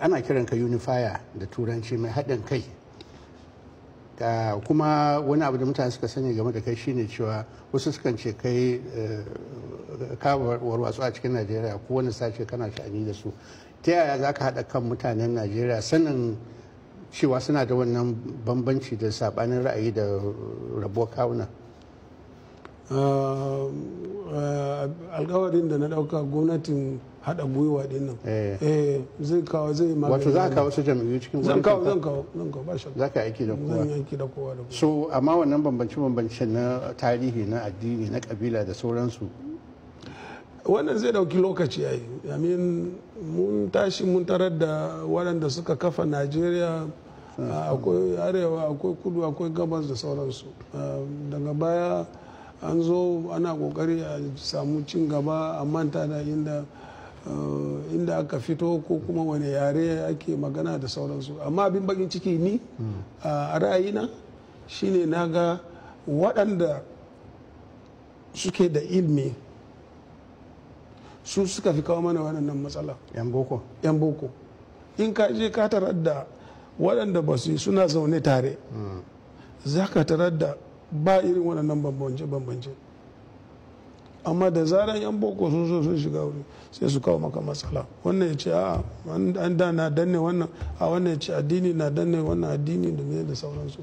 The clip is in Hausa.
ana kiran ka unifier da turanci mai haɗin kai kuma wani abu da mutane suka sani game da kai shine cewa wasu sukan ce kai eh, kawar wasu a cikin najeriya ko wani sace kana sha'ani da su ta yaya za ka haɗa kan mutanen najeriya sanin cewa suna da wannan bambanci da sabanin ra'ayi da rabo kawuna um, Eh, alkawarin da na dauka gwamnatin hada gwiwa din nan eh. eh zai kawo zai ma wato za ka wasu jami'u cikin zan kawo zan kawo zan kawo ba shakka za ka aiki da kowa zan aiki da kowa da kowa so amma wannan bambance bambance na tarihi na addini na kabila da sauransu wannan zai dauki lokaci yayi amin mun tashi mun tarar da waɗanda suka kafa najeriya ah. akwai arewa akwai kudu akwai gabas da sauransu eh, daga baya an zo ana kokari a samu cin gaba a manta da inda eh, inda aka fito ko kuma wani yare ake magana da sauransu amma abin bakin ciki ni a ra'ayina shine na ga waɗanda suke da ilmi su suka fi kawo mana waɗannan matsala yan boko yan boko in ka je ka tarar da waɗanda ba su suna zaune tare mm. za ka tarar da ba irin waɗannan bambance-bambance amma da zarar yan boko sun so sun shiga wuri sai su kawo maka matsala wannan ya ce a an da na danne wannan a wannan ya ce addini na danne wannan addini da ne da sauransu